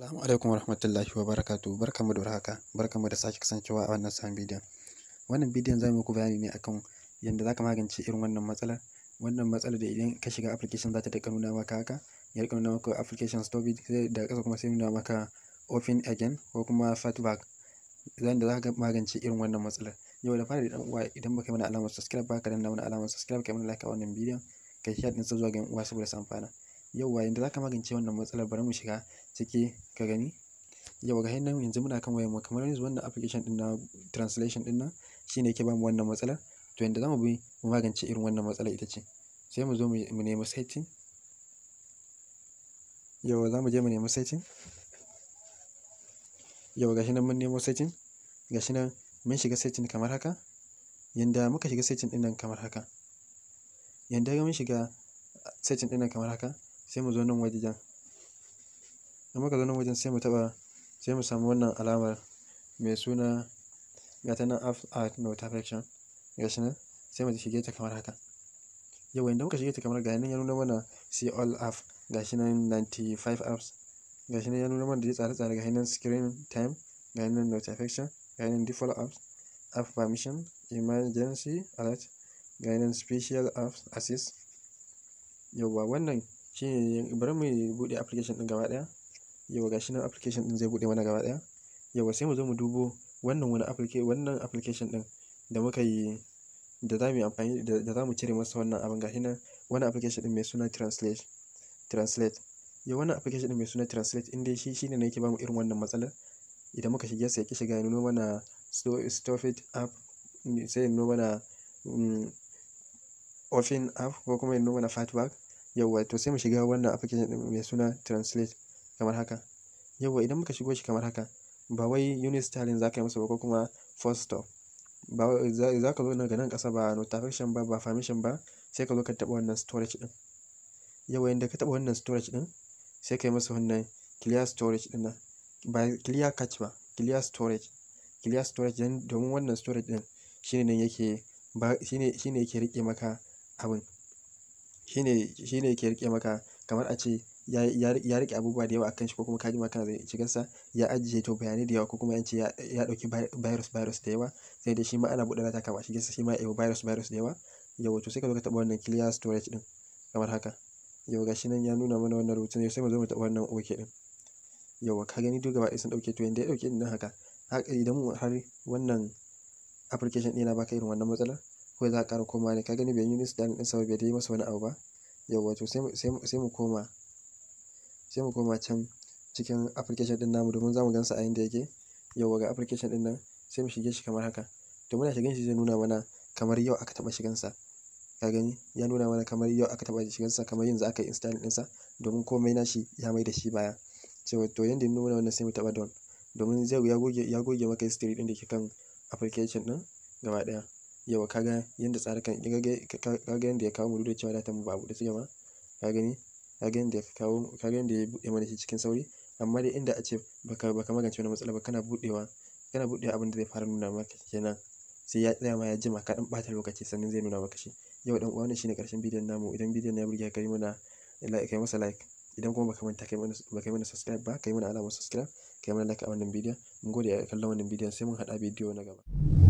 Assalamu alaikum warahmatullahi wabarakatuh barkamu da warhaka barkamu da sake kasancewa a wannan sabon bidiyon wannan bidiyon zai muku bayani ne akan yanda zaka magance irin wannan matsalar wannan matsalar da idan ka shiga application zata dinga nuna maka haka ya dinga nuna maka application stop sai da kasa kuma sai nuna maka open again ko kuma fatback zan da zaka magance irin wannan matsalar yau da fara dan uwa idan baka yi mana alamar subscribe baka danna mana alamar subscribe kai mana like a wannan bidiyon kai share din sa zuwa ga yan uwa saboda su amfana yauwa yanda zaka magance wannan matsalar bari mu shiga ciki ka gani yauwa ga hannun yanzu muna kan wayar mu kamar yanzu wannan application din na translation din nan shine yake bamu wannan matsalar to yanda zamu bi mu magance irin wannan matsalar ita ce sai mu zo mu nemi setting yauwa zamu je mu nemi setting yauwa ga nan mun nemo setting gashi nan mun shiga setting kamar haka yanda muka shiga setting din nan kamar haka yanda mun shiga setting din nan kamar haka sai mu zo nan wajen in muka zo nan wajen sai mu taɓa sai mu samu wannan alamar mai suna gata nan af app nota notification ga shi nan sai mu shige ta kamar haka wa inda muka shige ta kamar ga nan ya nuna mana see all app ga shi nan 95 apps ga shi nan ya nuna mana da tsare-tsare ga nan screen time ga nan notification ga nan default apps app permission emergency alert ga nan special apps assist wa wannan shi ne bari mu buɗe application ɗin gaba ɗaya yau ga shi nan application ɗin zai buɗe mana gaba ɗaya yau sai mu zo mu dubo wannan wani application wannan application ɗin da muka yi da za mu yi amfani da za mu cire masa wannan abin shi nan wannan application ɗin mai suna translate translate yau wannan application ɗin mai suna translate in dai shi shine ne yake bamu irin wannan matsalar idan muka shige sa yake shiga ya nuno mana stofit app sai ya nuno mana mm, offin app ko kuma ya nuno mana fatback Yauwa to sai mu shiga wannan application ɗin mai suna translate kamar haka. Yauwa idan muka shigo shi kamar haka ba wai unit styling za ka yi masa ba ko kuma first stop. Ba za ka zo ga nan ƙasa ba notification ba ba permission ba sai ka zo ka taɓa wannan storage ɗin. Yauwa inda ka taɓa wannan storage ɗin sai ka yi masa wannan clear storage ɗin nan. Ba clear cache ba clear storage. Clear storage domin wannan storage ɗin shi ne yake ba shi ne yake riƙe maka abin. shine shine ke riƙe maka kamar a ce ya ya riƙe abubuwa da yawa a kanshi ko kuma ka jima kana shigarsa ya ajiye to bayanai da yawa ko kuma in ce ya ya ɗauki virus virus da yawa sai da shi ma ana buɗe data kama shigarsa shi ma ya ɗebi virus virus da yawa yawwa to sai ka zo ka taɓa wannan clear storage ɗin kamar haka yau gashi nan ya nuna mana wannan rubutun sai mu zo mu taɓa wannan ok ɗin yauwa ka gani duk gaba ɗaya sun ɗauke to yanda ya ɗauke ɗin haka idan har wannan application ɗina baka irin wannan matsalar ko za a ƙara koma ne ka gani bai yi nisa dan ɗinsa ba bai dai masa wani abu ba yawwa to sai mu koma sai mu koma can cikin application ɗin namu domin za mu gansa a inda yake yawwa ga application ɗin nan sai mu shige shi kamar haka to muna shigan shi zai nuna mana kamar yau aka taɓa shigansa ka gani ya nuna mana kamar yau aka taɓa shigansa kamar yanzu aka yi install ɗinsa domin komai nashi shi ya mai da shi baya cewa to yanda ya nuna wannan sai mu taɓa don domin zai ya goge ya goge maka history ɗin da ke kan application ɗin gaba ɗaya yawa ka ga yanda tsarikan ka ga yanda ya kawo mu duk da cewa datan mu ba a buɗe suke ba ka gani ka ga yanda ya kawo ka ga yanda ya buɗe mana shi cikin sauri amma dai inda a ace baka baka magance wannan matsala ba kana buɗewa kana buɗewa abin da zai fara nuna maka kenan sai ya tsaya ma ya jima ka dan ɓata lokaci sannan zai nuna maka shi yau dan uwa wannan shine karshen bidiyon namu idan bidiyon ya burge ka yi mana like kai masa like idan kuma baka manta kai mana baka mana subscribe ba kai mana alamar subscribe kai mana like a wannan bidiyon mun gode a kallon wannan bidiyon sai mun hada bidiyo na gaba